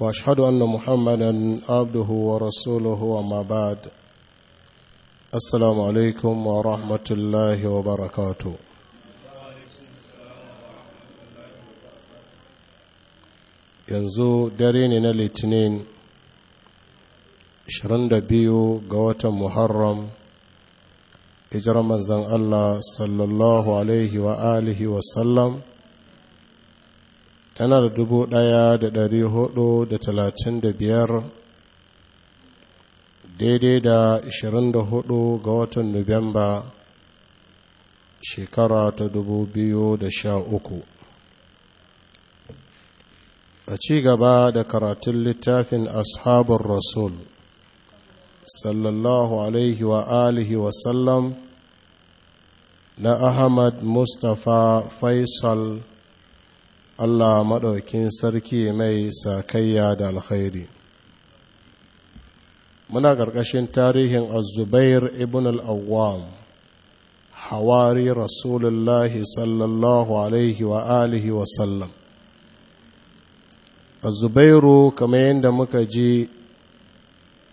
واشهد ان محمدا عبده ورسوله وما بعد السلام عليكم ورحمه الله وبركاته yanzu dare ne na litinin 22 ga watan muharram hijirar manzan allah sallallahu alaihi wa alihi wasallam tana da dubu ɗaya da ɗari hudu da talatin da biyar daidai da ashirin da hudu ga watan nuwamba shekara ta dubu biyu da sha uku a cigaba da karatun littafin ashabar rasul sallallahu alaihi wa alihi wasallam na ahmad mustapha faisal Allah maɗaukin sarki mai sakayya da alkhairi muna ƙarƙashin tarihin azubair ibn al'awwam hawari rasulullahi sallallahu alaihi wa alihi wa sallam azubairu kamar yadda muka ji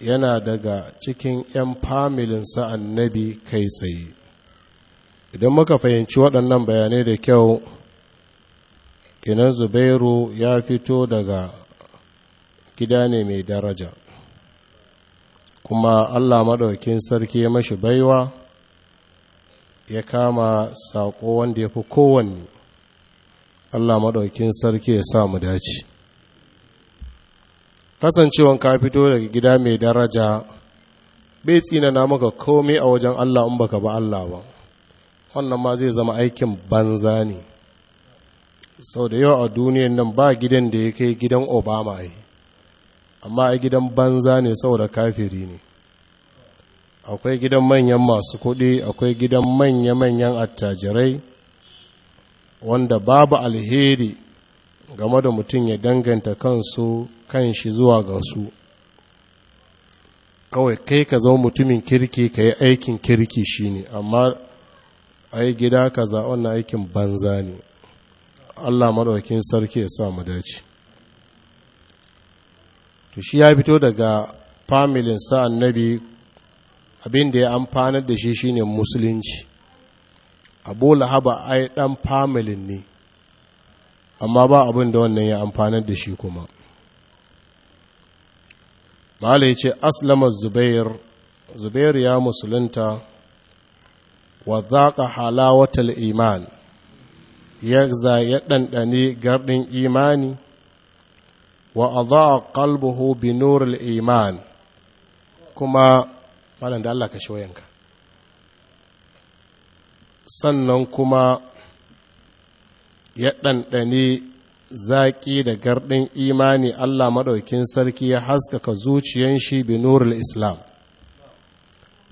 yana daga cikin 'yan familinsa annabi kai tsaye idan muka fahimci waɗannan bayanai da kyau kenan zubairu ya fito daga gida ne mai daraja kuma allah maɗaukin sarki ya mashi baiwa ya kama saƙo wanda ya fi kowanne allah maɗaukin sarki ya sa mu dace kasancewan ka fito daga gida mai daraja bai tsina na maka komai a wajen allah in baka ba allah ba wannan ma zai zama aikin banza ne sau da yawa a duniyan nan ba gidan da ya kai gidan obama amma a gidan banza ne saboda kafiri ne akwai gidan manyan masu kuɗi akwai gidan manya-manyan attajirai wanda babu alheri game da mutum ya danganta kansu kan shi zuwa ga su kawai kai ka zama mutumin kirki ka yi aikin kirki shine amma ai gida kaza wannan aikin banza ne Allah maɗaukin sarki ya sa mu dace to shi ya fito daga familin sa annabi abinda ya amfanar da shi shine musulunci abu lahaba ai dan familin ne amma ba abin da wannan ya amfanar da shi kuma malai ce aslama zubair zubair ya musulunta wa hala halawatal iman يغزى يدندني imani إيماني وأضاء قلبه بنور الإيمان كما فلن دالك شوينك sannan kuma ya ɗanɗani zaƙi da garɗin imani Allah maɗaukin sarki ya haskaka zuciyan shi bi islam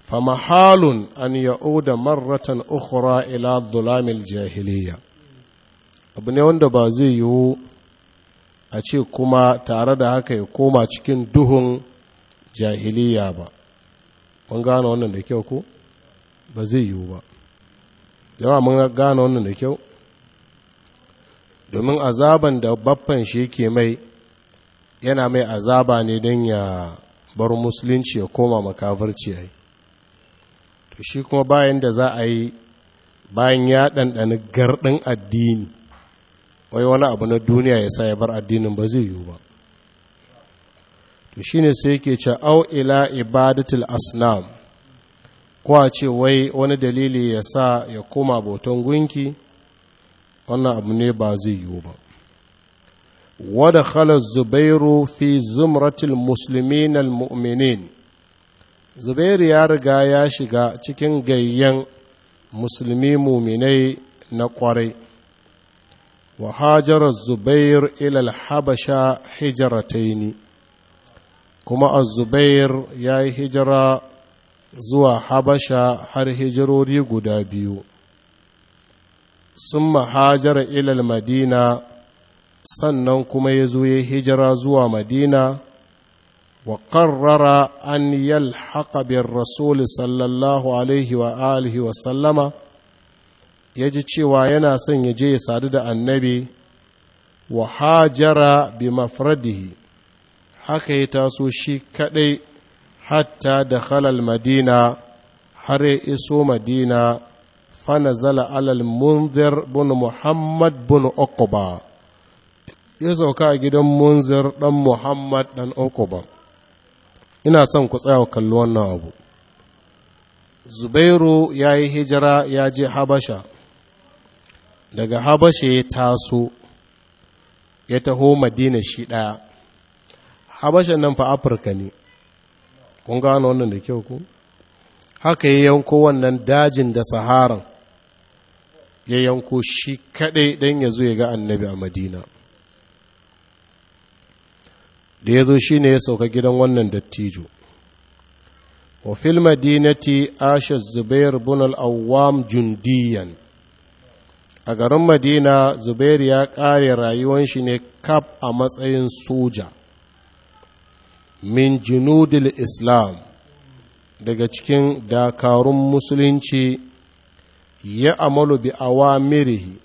fa mahalun an ya'uda marratan ukhra ila dhulamil jahiliya abu ne wanda ba zai yiwu a ce kuma tare da haka ya koma cikin duhun jahiliya ba mun gane wannan da kyau ko ba zai yiwu ba jama'a mun gane wannan da kyau domin azaban da baffan shi yake mai yana mai azaba ne don ya bar musulunci ya koma makafarci ai to shi kuma bayan da za a yi bayan ya ɗanɗani garɗin addini wai wani abu na duniya ya sa ya bar addinin ba zai yiwu ba to shine sai yake ce au ila ibadatul asnam ko a ce wai wani dalili ya sa ya koma bautan gunki wannan abu ne ba zai yiwu ba wada khala zubairu fi zumratil muslimin muminin zubairu ya riga ya shiga cikin gayyan musulmi muminai na kwarai wa hajara zubair ilal habasha ni kuma a zubair ya yi hijira zuwa habasha har hijirori guda biyu sun hajara ilal madina sannan kuma ya zo ya hijira zuwa madina wa ƙarrara an yalhaƙa bin rasul sallallahu alaihi wa alihi wa sallama ya ji cewa yana son ya je ya sadu da annabi wa hajara bi mafradihi haka ya taso shi kadai hatta da halal madina har ya iso madina fanazala alal munzir bin muhammad bin uqba ya sauka a gidan munzir dan muhammad dan uqba ina son ku tsaya kalli wannan abu zubairu ya yi hijira ya je habasha daga habasha ya taso ya taho madina shi ɗaya Habasha nan fa afirka ne kun gano wannan da kyau ku haka ya yanko wannan dajin da saharan ya yanko shi kaɗai don ya zo ya ga annabi a madina da ya zo shi ne ya sauka gidan wannan dattijo وفي المدينة عاش الزبير بن الأوام jundiyan. a garin madina Zubairu ya ƙare rayuwan shi ne kaf a matsayin soja min junudil islam daga cikin dakarun musulunci ya amalu bi awamirihi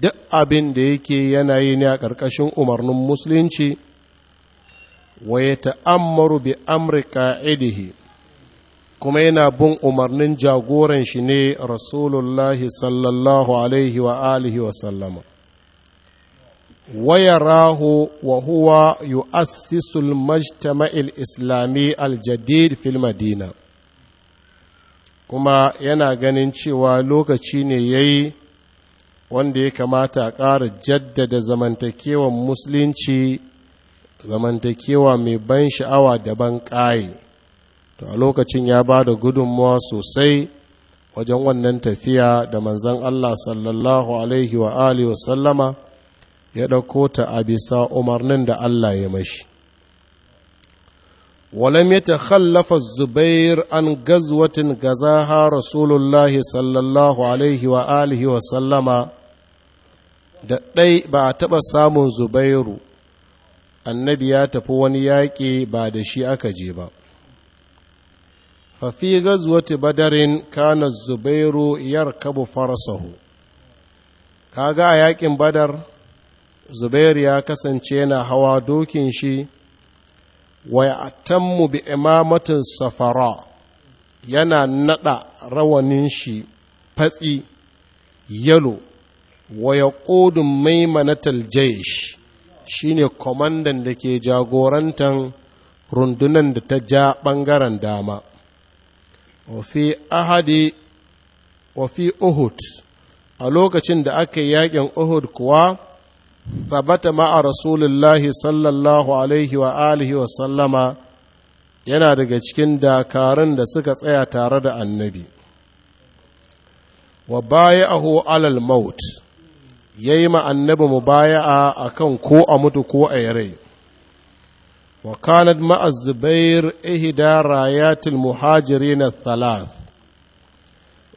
duk abin da yake yana yi ne a ƙarƙashin umarnin musulunci wa ya ta'ammaru bi amri ka'idihi kuma yana bin umarnin jagoran shi ne rasulullahi sallallahu alaihi wa alihi wa sallama waya rahu wa huwa asisul majtama'il islami aljadid fil madina kuma yana ganin cewa lokaci ne ya yi wanda ya kamata a ƙara jaddada zamantakewan musulunci zamantakewa mai ban sha'awa da ban ƙaye to a lokacin ya ba da gudunmuwa sosai wajen wannan tafiya da manzan Allah sallallahu alaihi wa alihi wa sallama ya ɗauko ta a bisa umarnin da Allah ya mashi ولم zubair an gazwatin gaza ha Rasulullah sallallahu Alaihi wa عليه wa sallama da ɗai ba a taɓa samun zubairu annabi ya tafi wani yaƙi ba da shi aka je ba ففي غزوة بدر كان الزبير يركب فرسه kaga a yaƙin badar Zubairu ya kasance yana hawa dokin shi wa atammu bi imamatin safara yana naɗa rawanin shi fatsi yalo wa yaqudun maimanatal jaysh shine kwamandan da ke jagorantan rundunar da ta ja ɓangaren dama wafi ahadi wafi uhud a lokacin da aka yi yakin uhud kuwa tabbata ma'a rasulullahi sallallahu alaihi wa alihi wa sallama yana daga cikin dakarun da suka tsaya tare da annabi wa baya baya'ahu alal maut ya yayi ma annabi mubaya'a akan ko a mutu ko a rai وكانت مع الزبير إهدى رايات المهاجرين الثلاث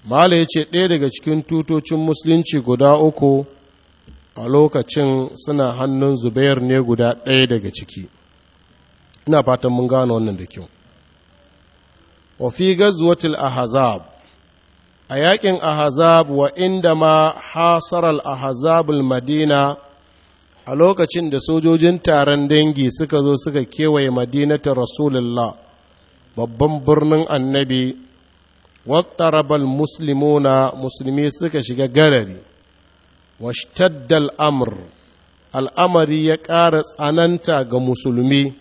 Mala ya ce ɗaya daga cikin tutocin musulunci guda uku a lokacin suna hannun Zubair ne guda ɗaya daga ciki. Ina fatan mun gano wannan da kyau. Wa fi gazwatil ahazab a yaƙin ahazab wa inda ma hasarar ahazabul madina a lokacin da sojojin taron dangi suka zo suka kewaye madinata rasulullah babban birnin annabi wattarabal muslimuna musulmi suka shiga garari washtaddal amr al'amari ya ƙara tsananta ga musulmi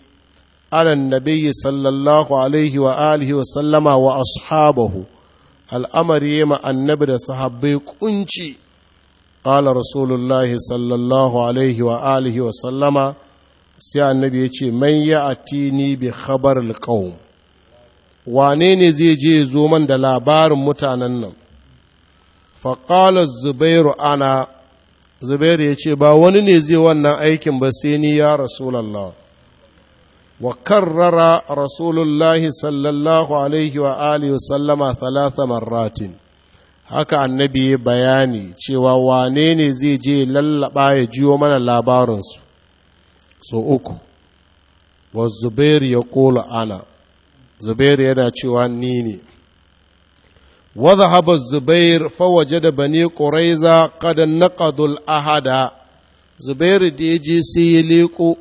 alan nabiyyi sallallahu alaihi wa alihi wa sallama wa ashabahu al'amari ya ma annabi da sahabbai kunci ƙala rasulullahi sallallahu alaihi wa alihi wa sallama sai annabi ya ce man ya atini bi khabar alqaum wane ne zai je zo da labarin mutanen nan faƙala zubairu ana zubairu ya ce ba wani ne zai wannan aikin ba sai ni ya rasulallah wa karrara rasulullahi sallallahu alaihi wa alihi sallama marratin haka annabi ya bayani cewa wane ne zai je lallaba ya jiyo mana labarinsu so uku wa zubairu ya kola ana zubairu yana cewa ni ne wadda haɓar zubairu fawaje da bane ƙuraiza na naƙadul ahada zubairu da ya je sai ya leƙo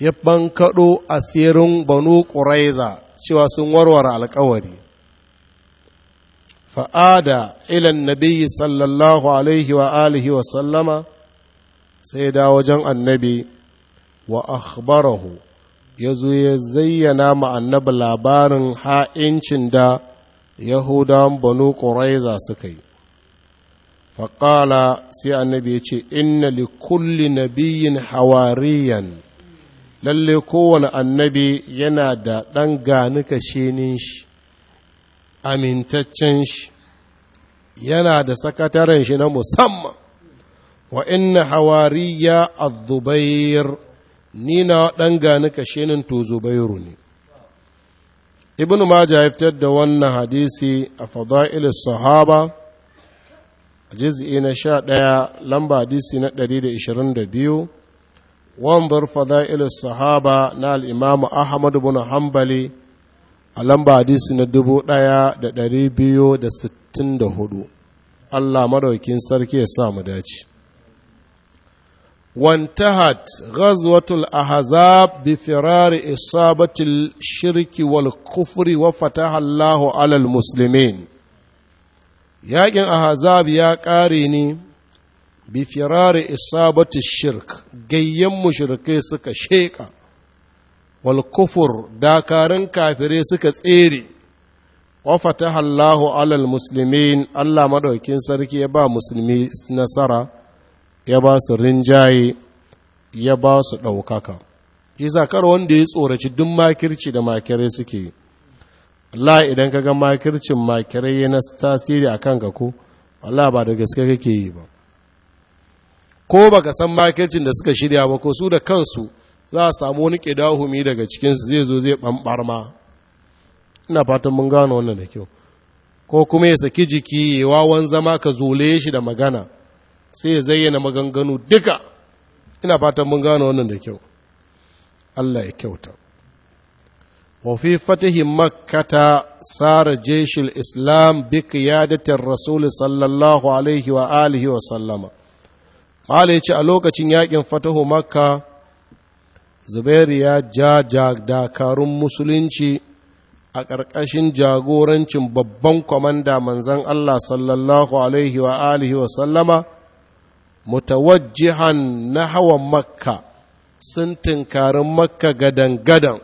ya bankaɗo asirin banu ƙuraiza cewa sun warware alkawari fa'ada ilan nabi sallallahu alaihi wa alihi wa sallama sai da wajen annabi wa akhbarahu ya zo ya zayyana ma annabi labarin ha'incin da yahudawan banu ƙuraiza suka yi faƙala sai annabi ya ce inna li kulli nabiyin hawariyan lalle kowane annabi yana da ɗan gani kashenin shi amintaccen shi yana da sakataren shi na musamman wa inna hawariya az-zubair ni na dan gani kashinin to zubairu ne ibnu majah ya fitar da wannan hadisi a fada'il sahaba juz'i na 11 lamba hadisi na 122 wanzur fada'il sahaba na al imamu ahmad ibn hanbali a lamba hadisi na hudu Allah maraukin sarki ya sa mu dace wantahat ghazwatul ahzab bi firari isabatil shirki wal kufri wa fataha Allahu alal muslimin yaqin ahzab ya kare ni bi firari isabatil shirk gayyan mushrike suka sheka wal kufur dakarun kafire suka tsere wa fataha Allahu alal muslimin Allah madaukin sarki ya ba musulmi nasara ya ba su rinjaye ya ba su ɗaukaka isa kar wanda ya tsoraci duk makirci da makirai suke Allah idan ka ga makircin makirai ya na tasiri a kanka ko Allah ba da gaske kake yi ba ko baka san makircin da suka shirya ba ko su da kansu za a samu wani ƙidahumi daga cikinsu zai zo zai ɓamɓar ma ina fatan mun gano wannan da kyau ko kuma ya saki jiki ya wawan zama ka zole shi da magana sai ya zayyana maganganu duka ina fatan mun gano wannan da kyau Allah ya kyauta wa fi fatihi makkata sara jeshil islam bi qiyadatir rasul sallallahu alaihi wa alihi wa sallama ya ce a lokacin yakin fatihu makka zubairu ya ja dakarun musulunci a ƙarƙashin jagorancin babban kwamanda manzan Allah sallallahu alaihi wa alihi wa sallama mutawajjihan na hawan makka sun tunkarin makka gadan-gadan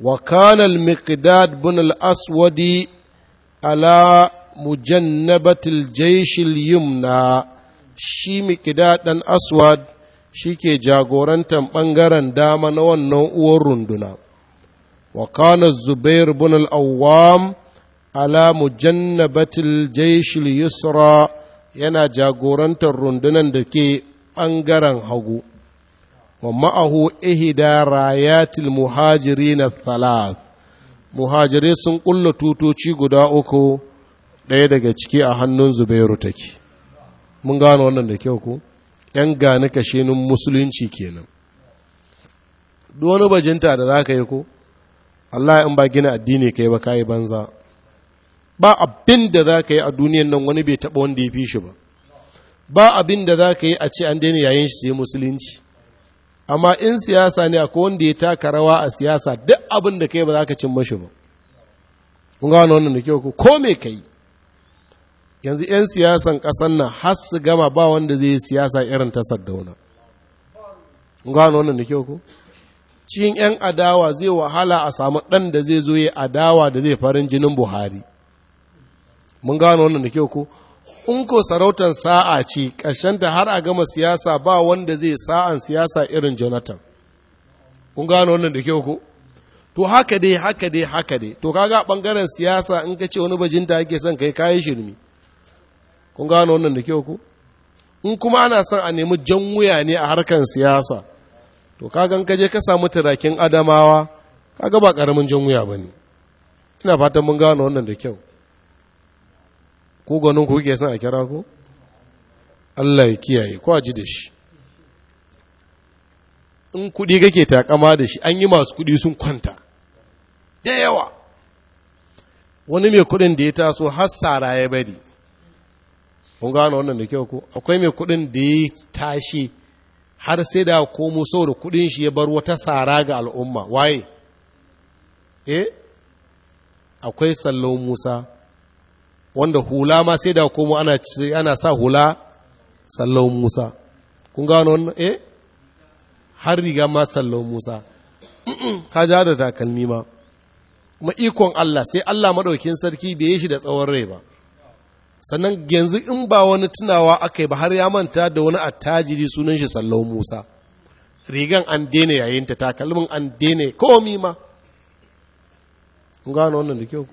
wa kana al bin al-aswadi ala mujannabatil jaishil yumna shi miqdad dan aswad shi ke jagorantar ɓangaren dama na wannan uwar runduna wa kana zubair bin al'awwam ala mujannabatil jaishil yusra yana jagorantar rundunan da ke ɓangaren hagu wa ma'ahu ihida rayatil muhajiri na thalath muhajirai sun ƙulla tutoci guda uku ɗaya daga ciki a hannun zubairu take mun gano wannan da kyau ku 'yan gani kashenin musulunci kenan wani bajinta da za ka yi ko Allah in ba gina addini ka yi ba ka yi banza ba abin da za ka yi a duniyan nan wani bai taɓa wanda ya fi shi ba ba abin da za ka yi a ce an daina yayin shi sai musulunci amma in siyasa ne akwai wanda ya taka rawa a siyasa duk abin da yi ba za ka cin mashi ba kun ga wannan da kyau ko me kai yanzu 'yan siyasan kasan nan har su gama ba wanda zai yi siyasa irin ta saddauna gano wannan da kyau ko cikin 'yan adawa zai wahala a samu ɗan da zai zo yi adawa da zai farin jinin buhari mun gano wannan da kyau ko in ko sarautar sa'a ce ta har a gama siyasa ba wanda zai sa'an siyasa irin jonathan kun gano wannan da kyau ko to haka dai haka dai haka dai to kaga ɓangaren siyasa in ka ce wani bajinta ake son kai kayi shirmi kun gano wannan da kyau ku in kuma ana son a nemi jan wuya ne a harkar siyasa to kagan kaje ka samu turakin adamawa kaga ba karamin jan wuya ba ne ina fatan mun gano wannan da kyau ku ganin ku kuke son a kira ku Allah ya kiyaye ko a ji da shi in kuɗi kake takama da shi an yi masu kuɗi sun kwanta da yawa wani mai kuɗin da ya taso har sara ya bari kun gano wannan da kyau ko akwai mai kuɗin da ya tashi har sai da komo saboda kuɗin shi ya bar wata sara ga al'umma waye eh akwai sallo musa wanda hula ma sai da komo ana, ana sa hula sallo musa kun gano wannan eh har riga ma sallo musa ka ja da takalmi ma kuma ikon Allah sai Allah maɗaukin sarki bai yi shi da tsawon rai ba sannan yanzu in ba wani tunawa aka yi ba har ya manta da wani attajiri sunan shi sallau musa rigan an daina yayinta takalmin an daina komi ma gano wannan da kyau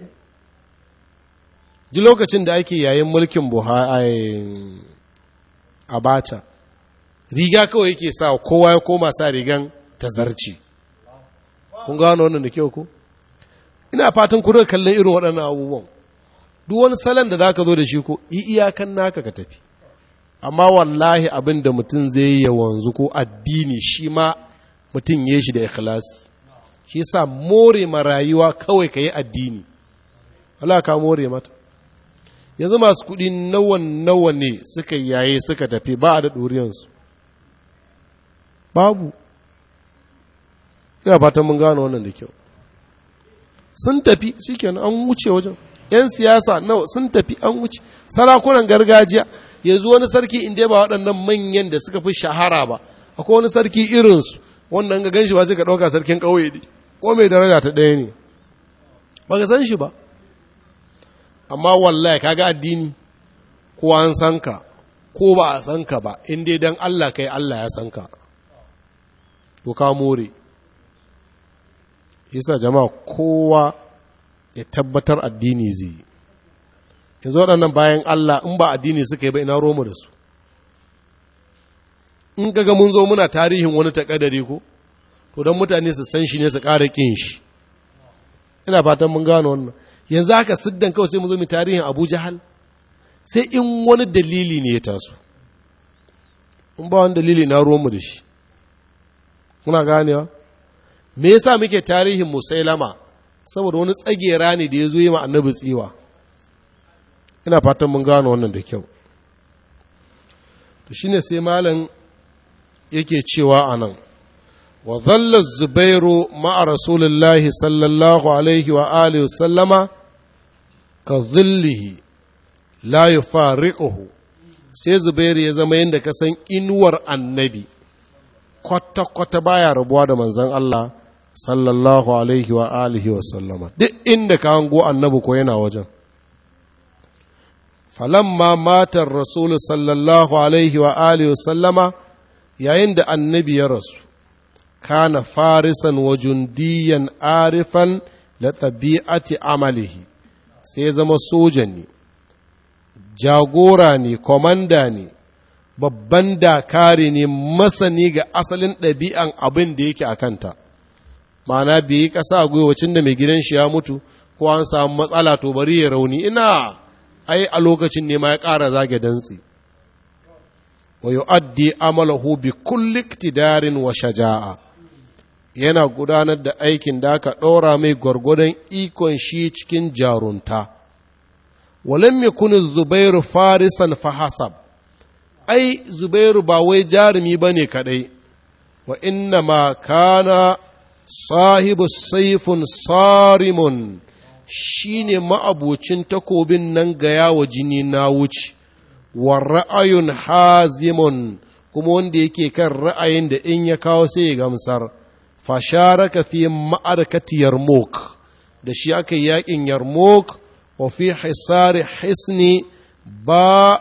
ji lokacin da ake yayin mulkin buhari abacha riga kawai yake sa kowa ya koma sa rigan tazarci kun gano wannan da kyau ko ina fatan kuna kallon irin waɗannan abubuwan duk wani salon da za ka zo da shi ko yi iyakan naka ka tafi amma wallahi abin da mutum zai yi wanzu ko addini shi ma mutum ya shi da ikhlasi shi sa more ma rayuwa kawai ka yi addini Allah ka more mata yanzu masu kuɗi nawan nawa ne suka yaye suka tafi ba a da ɗoriyansu babu ina fatan mun gano wannan da kyau sun tafi shikenan an wuce wajen 'yan siyasa nawa sun tafi an wuce sarakunan gargajiya yanzu wani sarki inda ba waɗannan manyan da suka fi shahara ba akwai wani sarki irinsu wannan ga ganshi ba sai ka ɗauka sarkin ƙauye ne ko mai daraja ta ɗaya ne ba ka san shi ba amma wallahi ga addini ko an san ka ko ba a san ka ba in dai dan Allah kai Allah ya san ka to ka more yasa jama'a kowa ya tabbatar addini zai yi yanzu waɗannan bayan Allah in ba addini suka yi ba ina roma da su in kaga mun zo muna tarihin wani takadari ko to don mutane su san shi ne su ƙara ƙin shi ina fatan mun gano wannan yanzu haka siddan kawai sai mu zo mai tarihin Abu Jahal sai in wani dalili ne ya taso in ba wani dalili na romu da shi muna ganewa me yasa muke tarihin musailama saboda wani tsagera ne da ya zo yi ma annabi tsiwa ina fatan mun gano wannan da kyau to shine sai malam yake cewa a nan wa zalla zubairu ma'a rasulullahi sallallahu alaihi wa alihi sallama ka zillihi la fari'uhu. sai zubairu ya zama yadda ka san inuwar annabi kwata-kwata baya rabuwa da manzan Allah sallallahu alaihi wa alihi wa sallama duk inda ka hango annabi ko yana wajen falamma matar rasul sallallahu alaihi wa alihi wa sallama yayin da annabi ya rasu kana farisan wa jundiyan arifan la tabi'ati amalihi sai zama soja ne jagora ne komanda ne babban dakari ne masani ga asalin ɗabi'an abin da yake a kanta ma'ana bai yi ƙasa a gwiwacin da mai gidan shi ya mutu ko an samu matsala to bari ya rauni ina ai a lokacin ne ma ya ƙara zage dantsi wa yu'addi amalahu bi kulli iktidarin wa shaja'a yana gudanar da aikin da aka ɗora mai gwargwadon ikon shi cikin jarunta mai yakun zubairu farisan fahasab ai zubairu ba wai jarumi bane kadai wa inna ma kana sahibu saifun sarimun shi ne ma'abocin takobin nan ga yawo jini na wuce wa ra'ayun hazimun kuma wanda yake kan ra'ayin da in ya kawo sai ya gamsar ka fi ma'arkati yarmouk da shi aka yi yaƙin yarmouk wa fi hisari hisni ba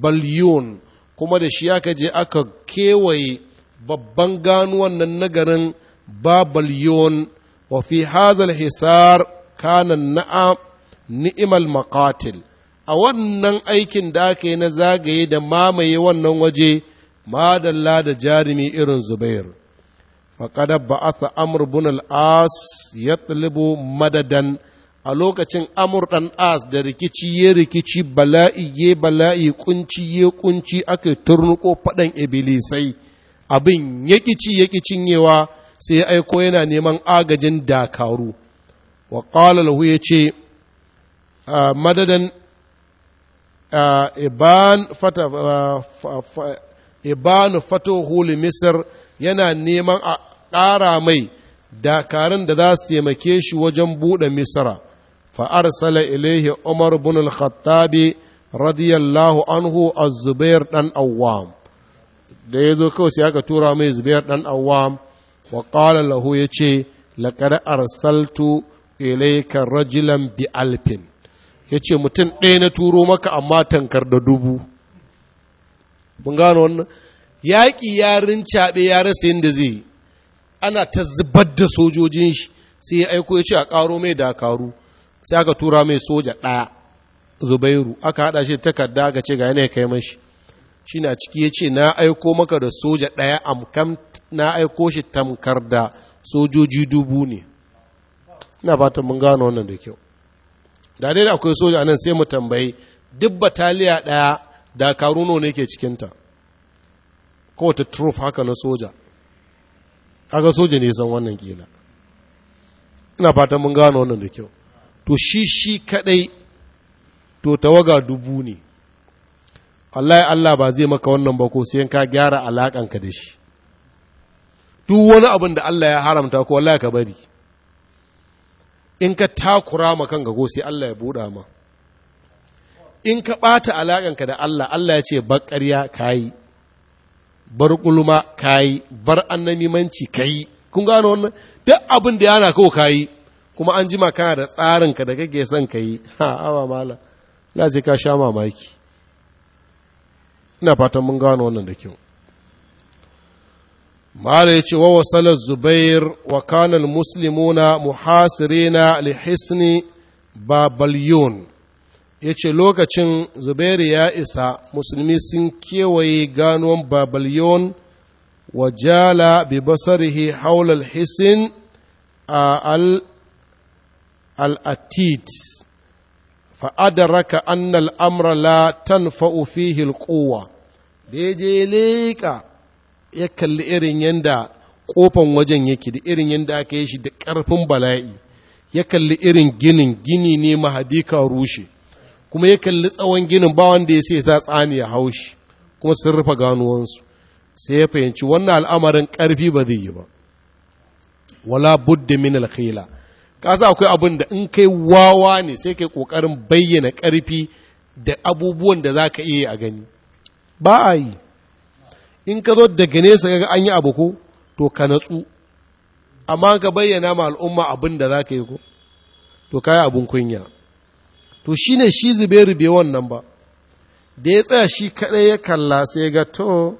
balyun kuma da shi aka je aka kewaye babban ganuwan nan nagarin babal yon wa fi hazal hisar kanan ni'imal maqatil a wannan aikin da aka yi na zagaye da mamaye wannan waje madalla da jarumi irin zubair faƙada ba'atha amr bin al-as ya madadan a lokacin amur ɗan as da rikici ya rikici bala'i ya bala'i kunci ya kunci aka turnuko faɗan ibilisai abin ya ƙici ya cinyewa sai ya aiko yana neman agajin dakaru wa ƙala lahu ya ce iban ibanu huli misir yana neman a ƙara mai dakarun da za su taimake shi wajen buɗe misra fa'arsala ilaihi umar bin al radiyallahu anhu az-zubair dan awwam da ya zo kawai sai aka tura mai zubair dan awwam wa qala lahu yace laqad arsaltu ilayka rajulan bi alfin yace mutum ɗaya na turo maka amma tankar da dubu yaƙi ya rincaɓe ya rasa yadda zai ana ta zubar da sojojin shi sai ya aiko ya ce a ƙaro mai dakaru sai aka tura mai soja ɗaya zubairu aka haɗa shi takarda aka ce ga yana kai mashi shi na ciki ya ce na aiko maka da soja ɗaya amkam na aiko shi tamkar da sojoji dubu ne ina fatan mun gano wannan da kyau da dai da akwai soja nan sai mu tambayi duk bataliya ɗaya da karuno ne ke cikinta ko ta trof haka na soja haka soja ne san wannan kila ina fatan mun gano wannan da kyau to shi shi kadai to tawaga dubu ne wallahi Allah ba zai maka wannan ba ko sai ka gyara ka da shi duk wani abin da Allah ya haramta ko wallahi ka bari in ka takura ma kanka ko sai Allah ya buɗa ma in ka ɓata ka da Allah Allah ya ce bar ƙarya kayi bar ƙulma kayi bar kayi kun gano wannan duk abin da yana kawo kayi kuma an jima kana da tsarin ka da kake son kayi ha awa mala la sai ka sha mamaki ina fatan mun gano wannan da kyau mala ya ce wa wasalar zubair wa kanal muslimuna muhasirina lihisni Babalyon. ya ce lokacin zubairu ya isa musulmi sun kewaye ganuwan babalyon wa jala bi basarihi haulal hisin a al-atid al atid fa'adaraka annal amra la tanfa'u fihi alquwa da ya je leƙa ya kalli irin yanda ƙofan wajen yake da irin yanda aka yi shi da ƙarfin bala'i ya kalli irin ginin gini ne mahadika rushe kuma ya kalli tsawon ginin ba wanda ya sai sa tsani ya haushi kuma sun rufe ganuwansu sai ya fahimci wannan al'amarin ƙarfi ba zai yi ba wala budde min alkhila ka sa akwai abin da in kai wawa ne sai kai ƙoƙarin bayyana ƙarfi da abubuwan da za ka iya a gani ba a yi in ka zo daga nesa kaga an yi abu ko to ka natsu amma ka bayyana ma al'umma abin da za ka yi ko to ka yi abin kunya to shi ne shi zubairu bai wannan ba da ya tsaya shi kaɗai ya kalla sai ga to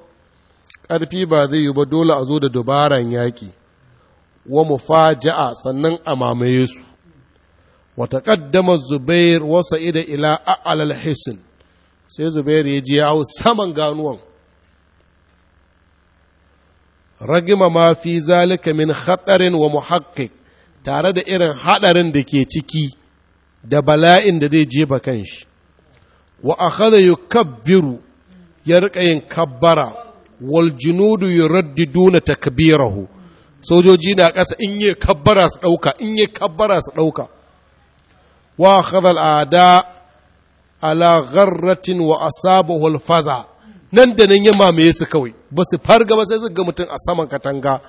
ƙarfi ba zai yi ba dole a zo da dubaran yaƙi wa mufaja'a sannan a mamaye su wa taqaddama zubair wa sa'ida ila a'la al-hisn sai zubair ya je yawo saman ganuwan ragima ma fi zalika min khatarin wa muhaqqiq tare da irin hadarin da ke ciki da bala'in da zai jefa kanshi wa akhadha yukabbiru ya rika yin kabbara wal junudu yuraddiduna takbirahu sojoji na kasa in yi kabbara su ɗauka in yi kabbara su ɗauka wa khadal ada ala gharratin wa asabahu faza. nan da nan ya mamaye su kawai ba su farga ba sai su ga mutum a saman katanga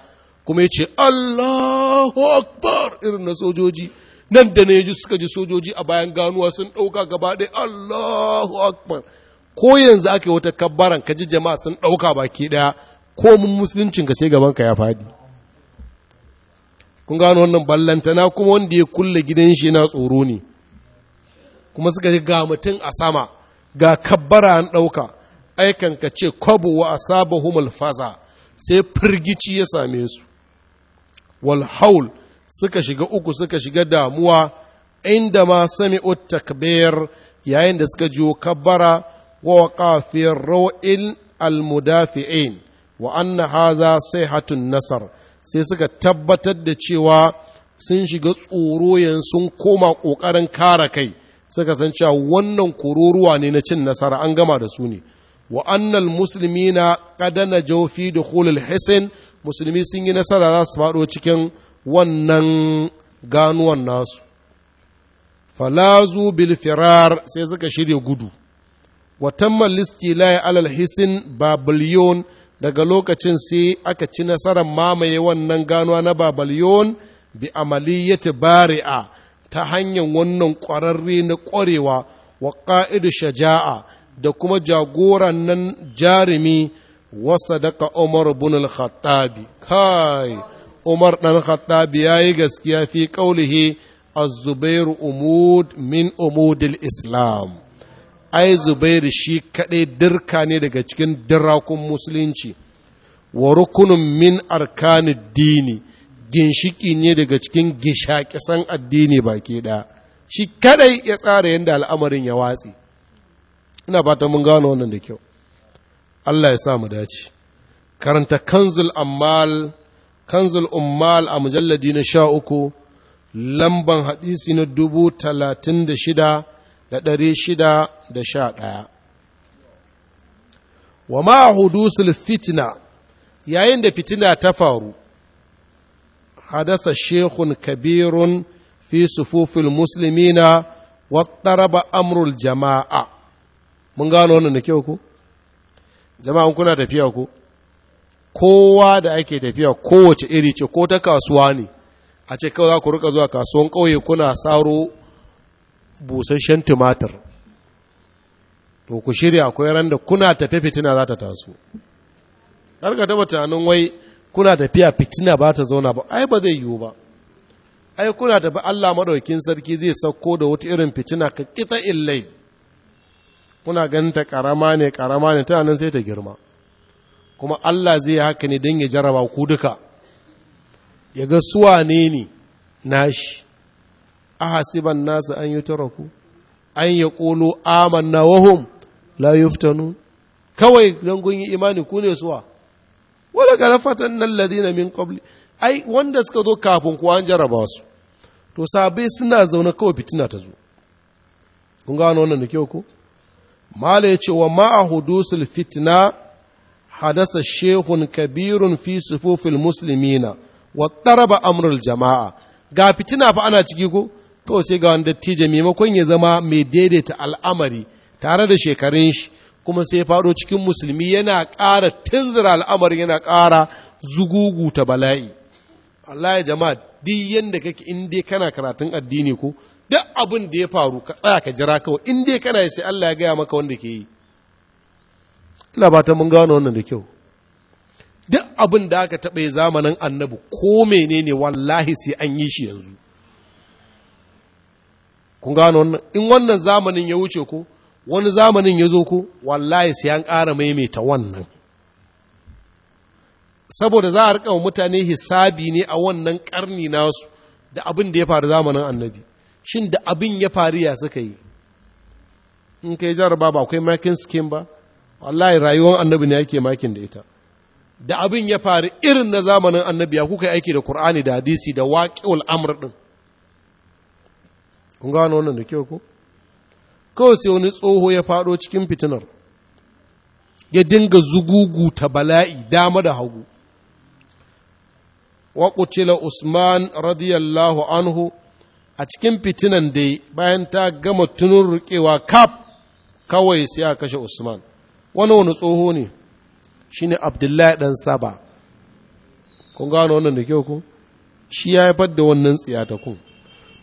kuma yace ce Allahu akbar irin na sojoji nan da ne ji suka ji sojoji a bayan ganuwa sun ɗauka gaba ɗaya Allahu akbar ko yanzu ake wata kabbaran ka ji jama'a sun ɗauka baki ɗaya ko mun musuluncin ka sai gaban ka ya faɗi kun gano wannan ballantana kuma wanda ya kulle gidan shi na tsoro ne kuma suka ga mutum a sama ga kabbara an ɗauka aikan ka ce kwabo wa asabahum alfaza sai firgici ya same su wal haul suka shiga uku suka shiga damuwa inda ma sami takbir yayin da suka jiwo kabbara wa waqa fi almudafi'in wa anna hadha sayhatun nasar sai suka tabbatar da cewa sun shiga tsoro yanzu sun koma ƙoƙarin kare kai suka san cewa wannan kururuwa ne na cin nasara an gama da su ne wa annal muslimina qadana da dukhulul hisin musulmi sun yi nasara za su faɗo cikin wannan ganuwan nasu falazu bil firar sai suka shirya gudu wa tamma listilai alal hisin Babiliyon. daga lokacin sai aka ci nasarar mamaye wannan ganuwa na babaliyon bi amaliyyati bari'a ta hanyar wannan ƙwararre na ƙwarewa wa ƙa'idu shaja'a da kuma jagoran nan jarumi wa sadaka umar bin al-khattabi kai umar ɗan khattabi yayi gaskiya fi qaulihi az-zubairu umud min umudil islam ai zubairu shi kaɗai dirka ne daga cikin dirakun musulunci wa rukunin min arkanin dini ginshiki ne daga cikin gishakisan addini baki ɗaya shi kaɗai ya tsara yadda al'amarin ya watsi ina fata mun gano wannan da kyau Allah ya sa mu dace karanta kanzul ammal kanzul ummal a mujalladi na sha uku lamban hadisi na dubu talatin da shida da ɗari shida da sha ɗaya wa ma hudusul fitna yayin da fitina ta faru hadasa shekun kabirun fi sufufil muslimina wa taraba amrul jama'a mun gano wannan da kyau ku jama'an kuna tafiya ku kowa da ake tafiya kowace iri ce ko ta kasuwa ne a ce kawai za ku rika zuwa kasuwan ƙauye kuna saro busasshen tumatir to ku shirya akwai ran da kuna tafi fitina za ta taso karka taba tunanin wai kuna tafiya fitina ba ta zauna ba ai ba zai yiwu ba ai kuna tafi Allah maɗaukin sarki zai sauko da wata irin fitina ka kita illai kuna ganta karama ne karama ne ta nan sai ta girma kuma Allah zai yi haka ne don ya jarraba ku duka ya ga suwa ne ne nashi ahasiban nasa, an yi taraku an ya ƙolo amanna wahum la yuftanu kawai don kun yi imani ku ne suwa wala ga rafatan nan ladina min qabli ai wanda suka zo kafin ku an jaraba su to sabai suna zaune kawai fitina ta zo kun gano wannan da kyau ko mala ya ce wa a hudusul fitna hadasa shehun kabirun fi sufufil muslimina wa taraba amrul jama'a ga fitina fa ana ciki ko to sai ga wanda tije maimakon ya zama mai daidaita al'amari tare da shekarun shi kuma sai faɗo cikin musulmi yana ƙara tunzura al'amari yana ƙara zugugu ta bala'i Allah ya jama'a duk yanda kake in dai kana karatun addini ko duk abin da ya faru ka tsaya ka jira kawai in dai kana sai Allah ya gaya maka wanda ke yi ina ba mun gano wannan da kyau duk abin da aka taɓa zamanin annabi ko menene wallahi sai an yi shi yanzu kun gano wannan in wannan zamanin ya wuce ko wani zamanin ya zo ko wallahi sai an ƙara maimaita wannan saboda za a wa mutane hisabi ne a wannan ƙarni nasu da abin da ya faru zamanin annabi shin da abin ya faru ya suka yi in ka yi jaraba ba akwai makin skin ba wallahi rayuwar annabi ne yake makin da ita da abin ya faru irin na zamanin annabi ya kuka aiki da qur'ani da hadisi da waƙi amr din kun gano wannan da kyau ko kawai sai wani tsoho ya faɗo cikin fitinar ya dinga zugugu ta bala'i dama da hagu wa usman radiyallahu anhu a cikin fitinan dai bayan ta gama tunun riƙewa kaf kawai sai a kashe usman wani wani tsoho ne Shi ne abdullahi dan saba kun gano wannan da kyau ku shi ya yi da wannan tsiyatakun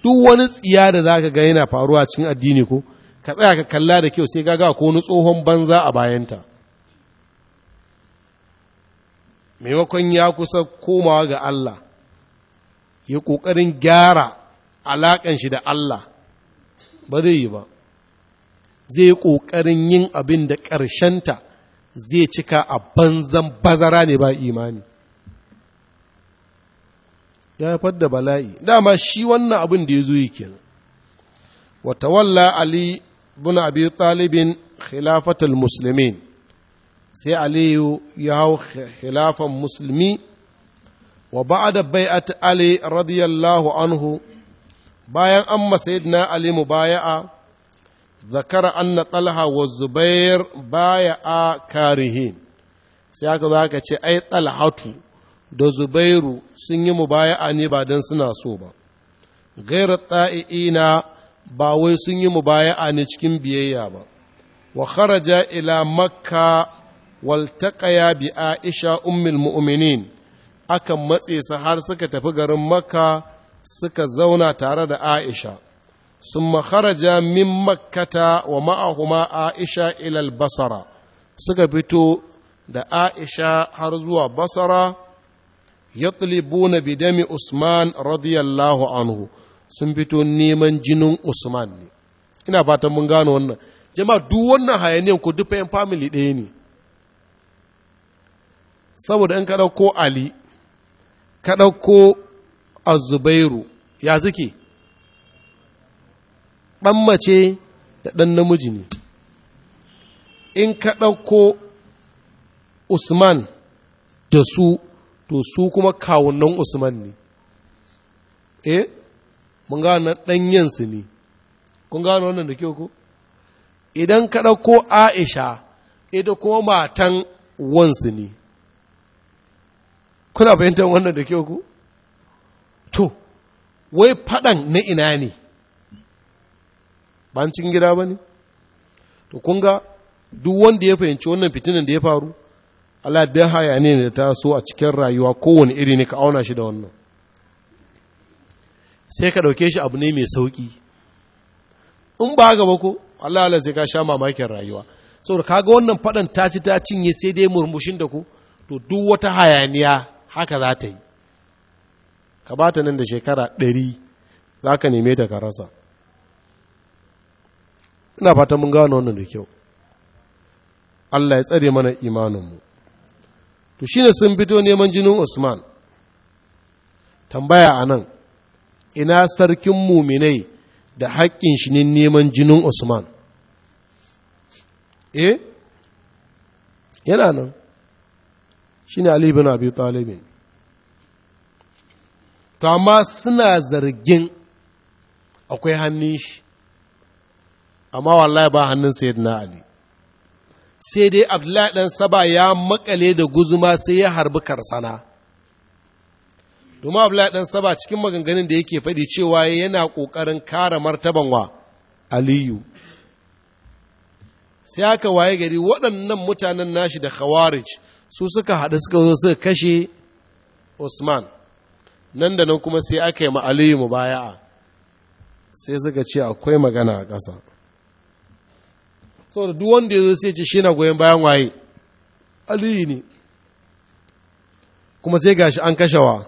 duk wani tsiya da za ka ga yana faruwa cikin addini ko ka tsaya ka kalla da kyau sai gaga ko wani tsohon banza a bayanta maimakon ya kusa komawa ga Allah ya ƙoƙarin gyara alaƙan shi da Allah ba zai yi ba zai ƙoƙarin yin abin da ƙarshenta zai cika a banzan bazara ne ba imani ya haifar da bala'i dama shi wannan abin da ya zo yake kenan wa tawalla ali bin abi talibin khilafatul muslimin sai aliyu ya hau khilafan musulmi wa ba'da bai'at ali radiyallahu anhu bayan an masayidina ali mubaya'a zakara anna talha wa zubair baya'a karihin sai aka za ce ai talhatu da zubairu sun yi mubaya'a ne ba don suna so ba gaira ta’i’ina ba wai sun yi mubaya'a ne cikin biyayya ba wa kharaja ila makka wal taqaya bi aisha ummul mu'minin akan matse su har suka tafi garin makka suka zauna tare da aisha sun kharaja min makkata wa ma'ahuma aisha ilal basara suka fito da aisha har zuwa basara yatlibuna dami Usman radiyallahu anhu sun fito neman jinin Usman ne ina fatan mun gano wannan jama'a duk wannan hayaniyan ko duk yan family ɗaya ne saboda in ka ɗauko Ali ka ɗauko Azubairu ya suke ɗan mace da ɗan namiji ne in ka ɗauko Usman da su to su kuma kawunan usman ne eh mun gano ɗanyensu ne kun gano wannan da kyau ko idan ka ɗauko aisha ita kuma matan wansu ne kuna fahimtar wannan da kyau ko to wai faɗan na ina ne ban cikin gida ba ne to kun ga duk wanda ya fahimci wannan fitinan da ya faru Allah hayani ne da ta so a cikin rayuwa kowane iri ne ka auna shi da wannan sai ka ɗauke shi abu ne mai sauki in ba gaba ko Allah Allah sai ka sha mamakin rayuwa saboda kaga wannan faɗan ta ci ta cinye sai dai murmushin da ku to duk wata hayaniya haka za ta yi ka ba ta nan da shekara ɗari za ka neme ta ka rasa ina fatan mun gano wannan da kyau Allah ya tsare mana imaninmu to shi ne sun fito neman jinin usman tambaya a nan ina sarkin muminai da haƙƙin shi ne neman jinin usman eh yana nan shi ne Ali bin Abi Talibin. To, amma suna zargin akwai hannun shi, amma wallahi ba hannun Sayyidina Ali. sai dai abdullahi ɗan saba ya makale da guzuma sai ya harbi karsana domin abdullahi ɗan saba cikin maganganun da yake faɗi cewa yana ƙoƙarin kare martaban wa aliyu sai aka waye gari waɗannan mutanen nashi da khawarij su suka haɗu suka zo suka kashe usman nan da nan kuma sai aka yi ma aliyu mubaya'a sai suka ce akwai magana a ƙasa saboda duk wanda ya zo sai ce shi na goyon bayan waye aliyu ne kuma sai gashi an kashewa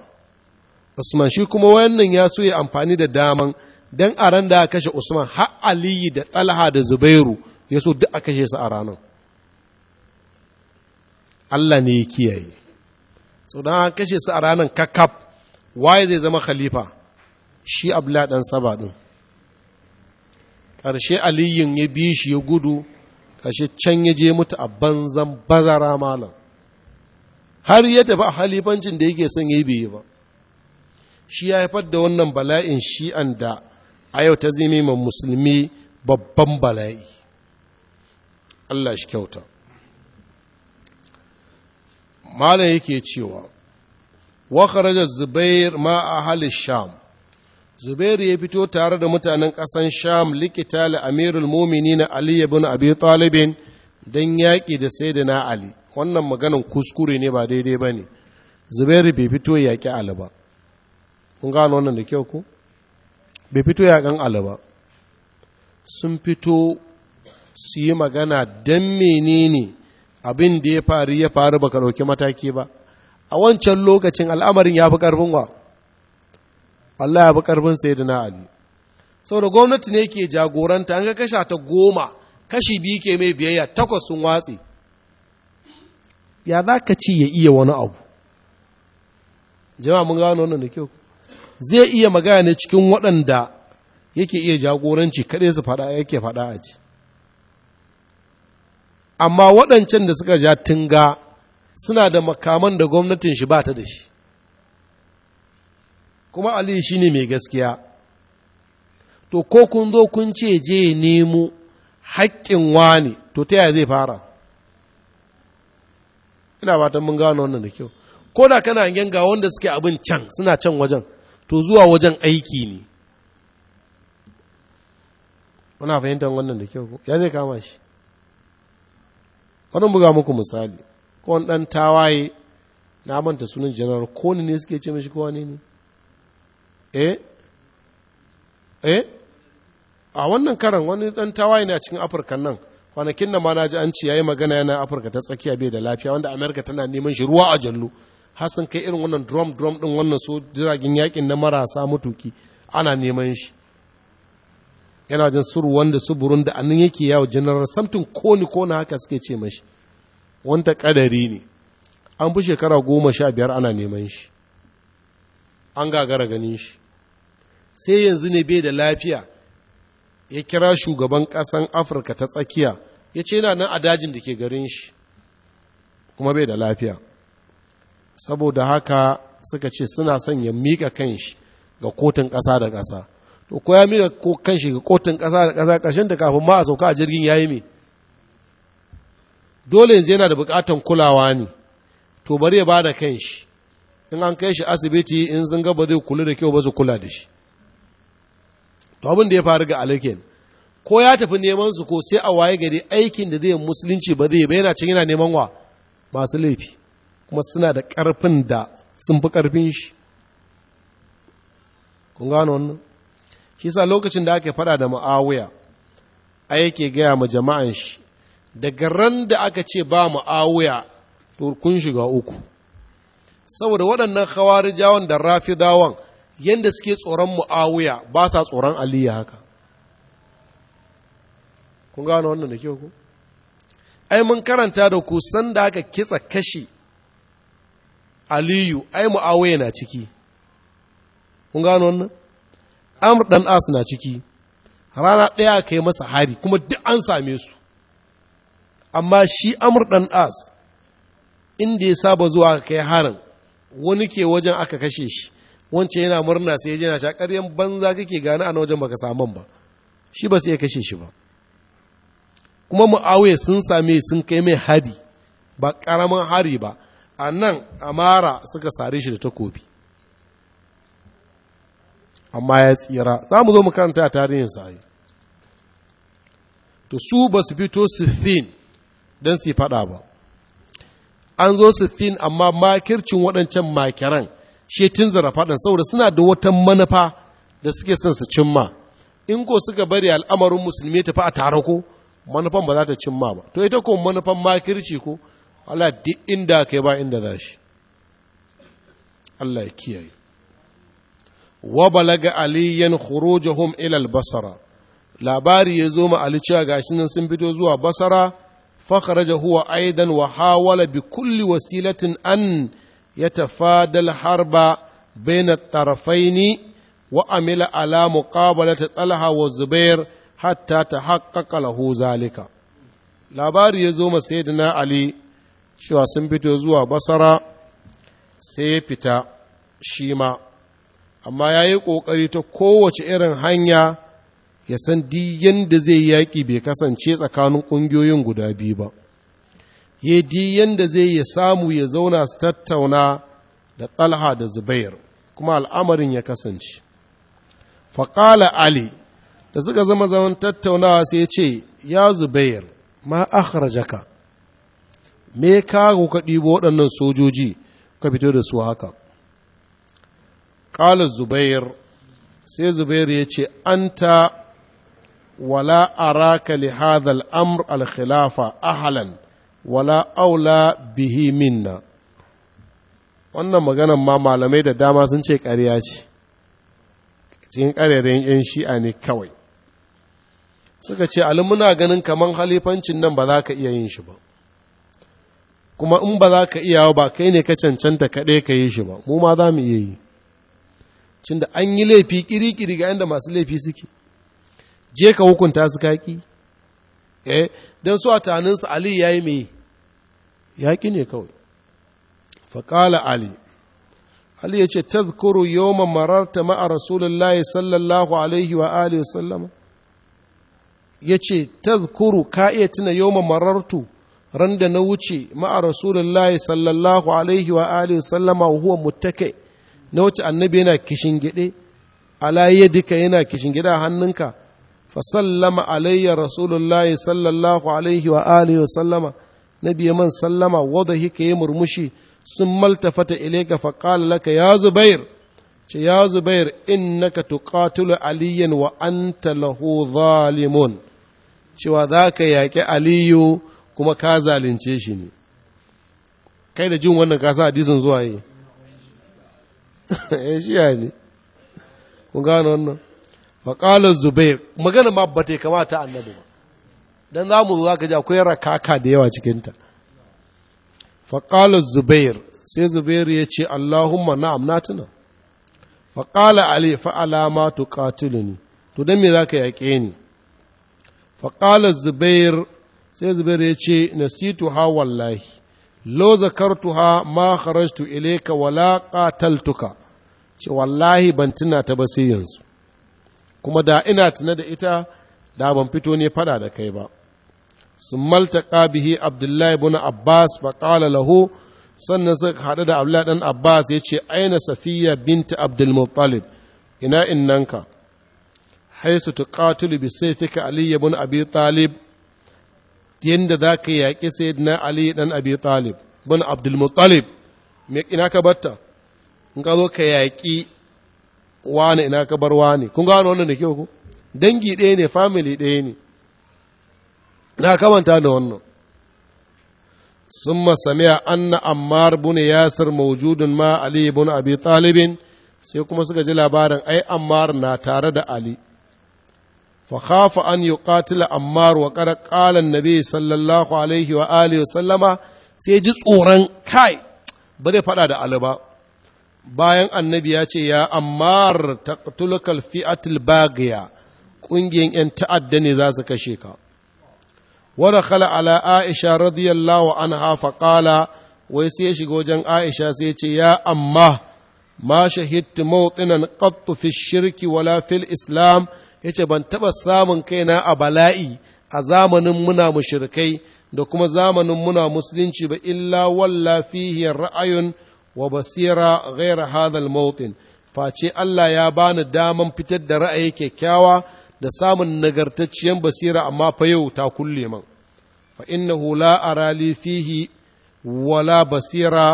usman shi kuma wannan ya so ya amfani da daman dan a ran da kashe usman har aliyu da talha da zubairu ya so duk a kashe su a ranar allah ne ya kiyaye so don an kashe su a ranar kakaf waye zai zama khalifa shi abla dan saba din ƙarshe aliyin ya bi shi ya gudu kashe can ya je mutu a banzan bazara malam har ya tafi a halifancin da yake son yi biyu ba shi ya haifar da wannan bala'in shi an da a yau ta zime ma musulmi babban bala'i Allah shi kyauta malam yake cewa wa kharaja zubair ma halin sham Zubairu ya fito tare da mutanen ƙasan Sham likita da Amirul na Ali ibn Abi Talibin don yaƙi da Sayyidina Ali. Wannan maganan kuskure ne ba daidai ba ne. Zubairu bai fito yaƙi Ali ba. Kun gano wannan da kyau ku? Bai fito yaƙan Ali ba. Sun fito su yi magana don menene abin da ya faru ya faru baka ɗauki mataki ba. A wancan lokacin al'amarin ya fi ƙarfin wa. Allah ya bi ƙarfin sayyidina Ali saboda gwamnati ne ke jagoranta an ga kasha ta goma kashi biyu ke mai biyayya takwas sun watse ya za ka ci ya iya wani abu jama'a mun gano wannan da kyau zai iya magana ne cikin waɗanda yake iya jagoranci kaɗai su faɗa yake faɗa a ci amma waɗancan da suka ja tunga suna da makaman da gwamnatin shi ba ta da shi kuma ali shi ne mai gaskiya to ko kun zo kun ce je nemo haƙƙin wani to ta yaya zai fara ina fatan mun gano wannan da kyau ko da kana hangen ga wanda suke abin can suna can wajen to zuwa wajen aiki ne muna fahimtar wannan da kyau ya zai kama shi wani buga muku misali ko wani ɗan tawaye na manta sunan janar ko ne suke ce mashi kowa ne ne eh eh a wannan karan wani dan tawaye ne a cikin afirka nan kwanakin nan ma na ji an ce yayi magana yana afirka ta tsakiya bai da lafiya wanda amerika tana neman shi ruwa a jallo har sun kai irin wannan drum drum din wannan so jiragen yakin na marasa mutuki ana neman shi yana jin suru wanda su burun da annan yake yawo general samtin koni na haka suke ce mashi wanda kadari ne an fi shekara goma sha biyar ana neman shi an gagara ganin shi sai yanzu ne bai da lafiya ya kira shugaban ƙasan afirka ta tsakiya ya ce yana nan a dajin da ke garin shi kuma bai da lafiya saboda haka suka ce suna son ya miƙa kan shi ga kotun ƙasa da ƙasa to ko ya miƙa kan shi ga kotun ƙasa da ƙasa ƙarshen da kafin ma a sauka a jirgin ya yi me dole yanzu yana da buƙatan kulawa ne to bari ya ba da kan shi in an kai shi asibiti in sun ga ba zai kula da kyau ba su kula da shi to abin da ya faru ga alikin ko ya tafi neman su ko sai a waye gari aikin da zai musulunci ba zai ba yana can yana neman wa masu laifi kuma suna da ƙarfin da sun fi ƙarfin shi kun gano wannan shi sa lokacin da aka fada da ma'awuya a yake gaya ma jama'an shi daga ran da aka ce ba ma'awuya to kun shiga uku saboda waɗannan hawarijawan da rafidawan yadda suke tsoron mu'awuya ba sa tsoron aliyu haka kun gano wannan da kyau ku ai mun karanta da ku sanda aka kitsa kashe aliyu ai mu'awuya na ciki kun gano wannan amur dan as na ciki rana ɗaya ka yi masa hari kuma duk an same su amma shi amur dan as inda ya saba zuwa ka kai harin wani ke wajen aka kashe shi wance yana murna sai yana sha ƙaryan banza kake gane a wajen baka saman ba shi ba sai ya kashe shi ba kuma mu'awiya sun same sun kai mai hari ba ƙaramin hari ba a nan amara suka sare shi da takobi amma ya tsira za mu zo mu karanta a tarihin sa to su ba su fito su fin don su yi fada ba an zo su fin amma makircin waɗancan makiran shi zarafaɗan zarafa saboda suna da wata manufa da suke son su cimma in ko suka bari al'amarin musulmi tafi a tare ko manufan ba za ta cimma ba to ita ko manufan makirci ko Allah duk inda ka ba inda za shi Allah ya kiyaye wa balaga aliyan khurujuhum ila al-basra labari ya zo ma ali cewa gashi nan sun fito zuwa basara fa kharaja huwa aidan wa hawala bi kulli wasilatin an Ya يتفادى الحرب بين الطرفين وعمل على مقابلة طلحة والزبير حتى تحقق له ذلك labari ya zo ma na Ali cewa sun fito zuwa basara sai ya fita shi ma amma ya yi ƙoƙari ta kowace irin hanya ya san diyanda yadda zai yaƙi bai kasance tsakanin ƙungiyoyin guda biyu ba ya di yanda zai ya samu ya zauna su tattauna da ɗalha da zubair kuma al'amarin ya kasance faƙala ali da suka zama zaman tattaunawa sai ce ya zubair ma jaka. me ka ka ɗibo waɗannan sojoji ka fito da su haka ƙala zubair sai zubair ya ce an ta wala araka li hadha al-amr al-khilafa ahlan wala aula bihi minna wannan maganan ma malamai da dama sun ce ƙarya ce cikin ƙararren 'yan shi'a ne kawai suka ce ali muna ganin kamar halifancin nan ba za ka iya yin shi ba kuma in ba za ka iya ba kai ne ka cancanta kaɗai ka yi shi ba mu ma za mu iya yi cin an yi laifi ƙiri-ƙiri ga yadda masu laifi suke je ka hukunta su kaki eh don su a tunaninsu ali ya yi mai yaƙi ne kawai faƙala ali ali ya ce tazkuru yawma mararta ma'a rasulullahi sallallahu alaihi wa alihi sallama ya ce tazkuru ka iya tuna yawma marartu ran da na wuce ma'a rasulullahi sallallahu alaihi wa alihi sallama huwa muttake na wuce annabi yana kishin gide ala ka yana kishin gida hannunka fasallama alayya rasulullahi sallallahu alaihi wa alihi sallama nabi man sallama wadda hika murmushi sun maltafata ilaika faqala laka ya zubair ce ya zubair innaka tuqatilu aliyan wa anta lahu cewa za ka yaƙi aliyu kuma ka zalunce shi ne kai da jin wannan kasan hadisin zuwa eh, ne faƙalar zubair magana ma ba ta kamata annabi ba don za mu za ka ji akwai rakaka da yawa cikinta faƙalar zubair sai zubair ya ce allahumma na'am na tuna Faƙalar ali fa'ala ma tuqatiluni to don me za ka yaƙe ni faƙalar zubair sai zubair ya ce nasitu ha wallahi lo ha ma kharajtu ilayka wala qataltuka ce wallahi ban tuna ta ba sai yanzu kuma da ina tuna da ita da ban fito ne fada da kai ba sun malta bihi abdullahi ibn abbas ba ƙala lahu sannan suka haɗu da abdullahi ɗan abbas ya ce aina safiya binta abdulmuttalib ina innanka haisu tuqatilu bi sayfika ali ibn abi talib yadda za ka yaƙi sayyidina ali dan abi talib bin abdulmuttalib me ina ka batta in ka zo ka yaƙi wane ina ka bar wane kun gano wannan da kyau ku dangi ɗaya ne family ɗaya ne na kamanta da wannan ثم samia Anna Ammar بن Yasir موجود Aliyu علي بن abi talibin sai kuma suka ji labarin ai Ammar na tare da Ali fa khafa an yuqatila Ammar wa qad qala na nabi sallallahu alaihi wa alihi sallama sai ji tsoron kai ba zai fada da Ali ba bayan annabi ya ce ya ammar taqtulukal fi'atul baghiya ƙungiyar 'yan ta'adda ne za su kashe ka Ala Aisha fa qala wai sai ya عنها فقال aisha sai ya ce ya amma. ma shahidtu موطنا قط fi shirki wala fil islam yace ban taɓa samun kaina a bala'i a zamanin muna mushrikai da kuma zamanin muna musulunci ba illa walla fihi ra'ayun wa basira ghaira hadhal mawtin face Allah ya bani daman fitar da ra'ayi kyakkyawa da samun nagartacciyar basira amma fa yau ta kulle man fa innahu la ara li fihi wala basira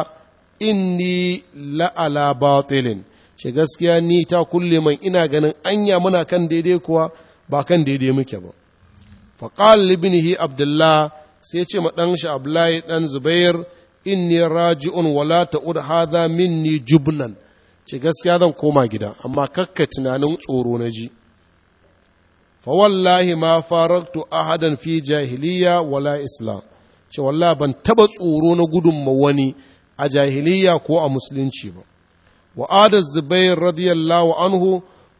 inni la ala batilin ce gaskiya ni ta kulle man ina ganin anya muna kan daidai kuwa ba kan daidai muke ba fa qala ibnihi abdullah sai ce ma dan shi abdullahi dan zubair inni raji'un wala ta'ud hadha minni jubnan ce gaskiya zan koma gida amma kakka tunanin tsoro na ji fa wallahi ma faraktu ahadan fi jahiliya wala islam ce wallahi ban taba tsoro na gudun ma wani a jahiliya ko a musulunci ba wa adar zubair radiyallahu anhu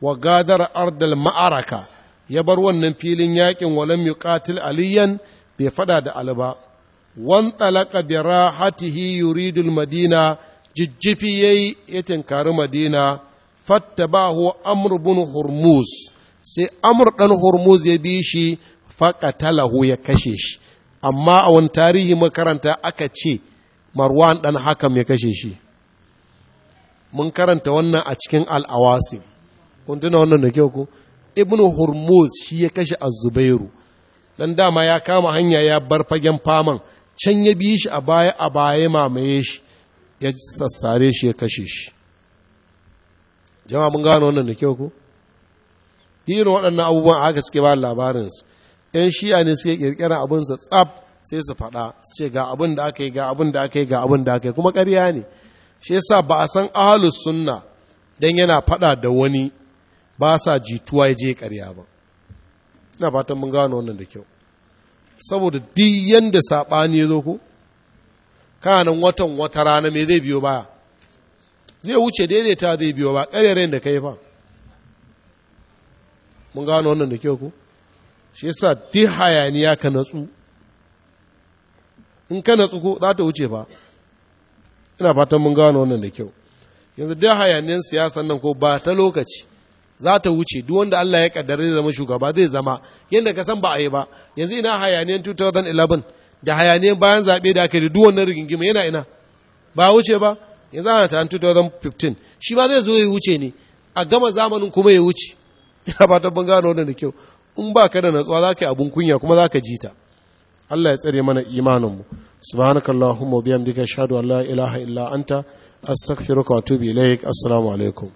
wa gadar ardal ma'araka ya bar wannan filin yakin walam yuqatil aliyan bai fada da alba wantalaka bi rahatihi yuridu madina jijjifi yayi ya tinkari madina fattabahu amru bun hurmuz sai amru dan hurmuz ya bi shi faqatalahu ya kashe shi amma a wani tarihi makaranta aka ce marwan dan hakam ya kashe shi mun karanta wannan a cikin al'awasi kun tuna wannan da kyau ko ibn hurmuz shi ya kashe az-zubairu dan dama ya kama hanya ya bar fagen faman can ya bi shi a baya a baya mamaye shi ya sassare shi ya kashe shi jama'a mun gano wannan da kyau ko irin waɗannan abubuwan aka suke ba labarin su ƴan shi'a ne suke kirkirar abin sa tsab sai su faɗa su ce ga abin da aka yi ga abin da aka yi ga abin da aka yi kuma ƙarya ne shi yasa ba a san ahlus sunna dan yana faɗa da wani ba sa jituwa ya je ƙarya ba ina fatan mun gano wannan da kyau saboda duk yanda saɓani ya zo ko kanan watan wata rana me zai biyo baya zai wuce daidaita zai biyo ba yadda da yi fa mun gano wannan da kyau ko shi yasa duk hayaniya ka natsu in ka natsu ko za ta wuce fa ina fatan mun gano wannan da kyau yanzu duk hayaniyar siyasan nan ko ba ta lokaci za ta wuce duk wanda Allah ya kaddare zai zama shugaba zai zama yadda ka san ba a yi ba yanzu ina hayaniyan 2011 da hayaniyan bayan zaɓe da aka yi duk wannan rigingima yana ina ba wuce ba yanzu ana ta 2015 shi ba zai zo ya wuce ne a gama zamanin kuma ya wuce ina ba ta ban gano da kyau in ba ka da natsuwa za ka yi abun kunya kuma za ka ji ta Allah ya tsare mana imaninmu subhanakallahumma bihamdika ashhadu an la ilaha illa anta astaghfiruka wa atubu ilaik assalamu alaikum